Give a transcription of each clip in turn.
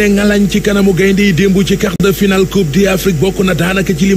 ne ngalañ ci kanamu gaynde yi démb ci quart de finale coupe d'Afrique bokk na daanaka ci li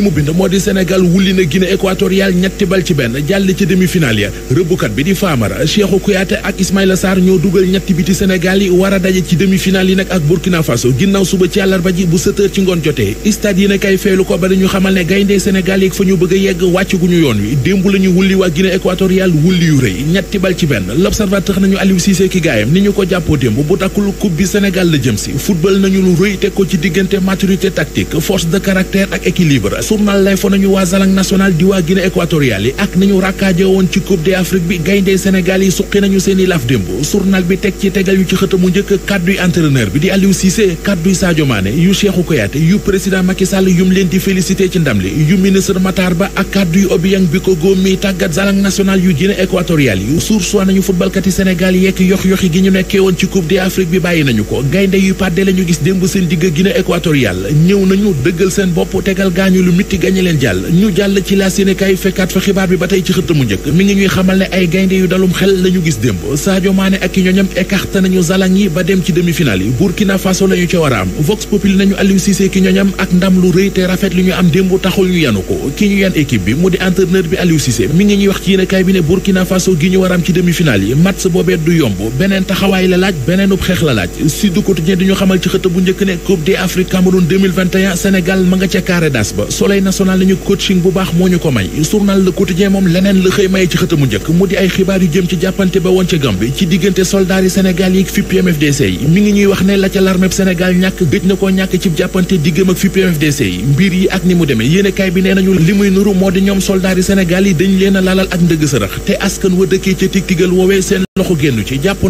mu bind moo di Sénégal wulli na Guinée équatoriale ñetti bal ci benn jàll ci demi-finale ya rëbbukat bi di Famara Cheikhou Kouyaté ak Ismaïla Sarr ñoo dugal ñetti biti Sénégal yi war a daje ci demi-finale yi nag ak Burkina Faso ginnaaw suba ci àllarba bu sept ci ngoon jotee stade yi ne feelu ko ba dañu xamal ne gaynde Sénégal yi fa ñu bëgg yegg wàcc gu yoon wi démb la ñu wulli waa Guinée équatoriale wulli yu rëy ñetti bal ci benn l'observateur nañu Aliou Cissé ki gaayam ni ñu ko jàppoo démb bu takkul coupe bi Sénégal la jëm si football nañu lu rëy teg ci diggante maturité tactique force de caractère ak équilibre journal lay fa nañu waa Zalang national di waa Guinée équatoriale yi ak ni ñu woon ci coupe d'Afrique bi gayndee Sénégal yi suqi nañu seen i laf démb journal bi teg ci tegal yu ci xët mu njëkk kàdduy entraîneur bi di Aliou Cissé kàdduy Sadio yu Cheikhou Kouyaté yu président Macky yum leen di félicité ci ndam li yu ministre Matar Ba ak kàdduy taqi gi ñu nekkee woon ci coupe d'Afrique bi bàyyi nañu ko gaynde yu pàdde la gis démb seen digg Guinée équatoriale ñëw nañu dëggal seen bopp tegal gaañu lu mitti gañe leen jàll ñu jàll ci la Sénégal fekkaat fa xibaar bi ba tey ci xëtt mu njëkk mi ngi ñuy xamal ne ay gaynde yu dalum xel la gis démb Sadio Mané ak ñoñam écarté nañu zalang yi ba dem ci demi-finale yi Burkina Faso la ca war a Vox Populi nañu Aliou Cissé ki ñoñam ak ndam lu rëy a am ci beneen taxawaay la beneenub xeex la laaj si du quotidien xamal ci xët bu njëkk ne coupe d'Afrique Cameroun 2021 Sénégal ma nga ca carré d'as ba soleil national nañu coaching bu baax moo ñu ko may journal le quotidien moom leneen la maye ci xët mu njëkk mu di ay xibaar yu jëm ci jàppante ba woon ca Gambie ci diggante soldats yi Sénégal yi FIP MFDC yi mi ngi ñuy wax ne la ca l'armée Sénégal ñàkk gëj na koo ñàkk ci jàppante diggam ak FIP MFDC yi mbir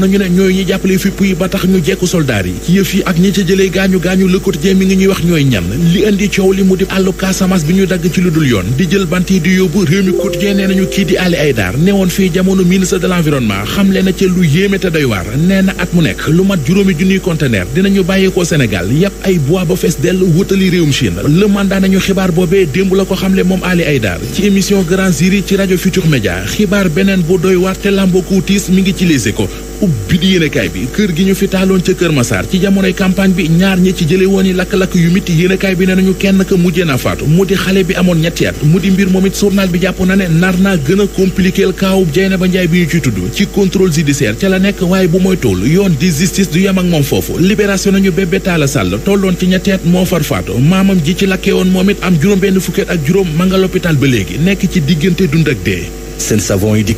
nañu ne ñooy ñi jàppale fipp yi ba tax ñu jekku soldaar yi ci yëf yi ak ñi ca jëlee gaañu-gaañu Le Quotidien mi ngi ñuy wax ñooy ñan li indi coow li mu di àllu Casamance bi ñu dagg ci lu dul yoon di jël bant yi di yóbbu réew mi Quotidien nee nañu kii di Ali Aydar newoon fii jamono ministre de l'environnement xam le na ca lu yéeme te doy waar nee na at mu nekk lu mat juróomi junniy conteneur dinañu bàyyeekoo Sénégal yàpp ay bois ba fees dell wutali réewum Chine le mandat nañu xibaar boobee démb la ko xamle moom Ali Aydar ci émission Grand Jury ci rajo Futur Média xibaar beneen bu doy waar te lambooku tiis mi ngi ci Les Échos ubbi di yéenekaay bi kër gi ñu fi taaloon ca Kër Masaar ci jamonoy campagne bi ñaar ñi ci jële woon yi lakk-lakk yu mit yéenekaay bi ne nañu kenn ka mujjee na faatu mu di xale bi amoon ñetti at mu di mbir moom it journal bi jàpp na ne nar naa gën a compliquer kaawu Jeynaba Njaay bi ñu ci tudd ci contrôle judiciaire ca la nekk waaye bu mooy toll yoon di justice du yem ak moom foofu libération nañu bébé Talla Sall tolloon ci ñetti at moo far faatu maamam ji ci lakkee woon moom it am juróom benn fukki at ak juróom ma nga ba léegi nekk ci diggante dund ak dee seen savon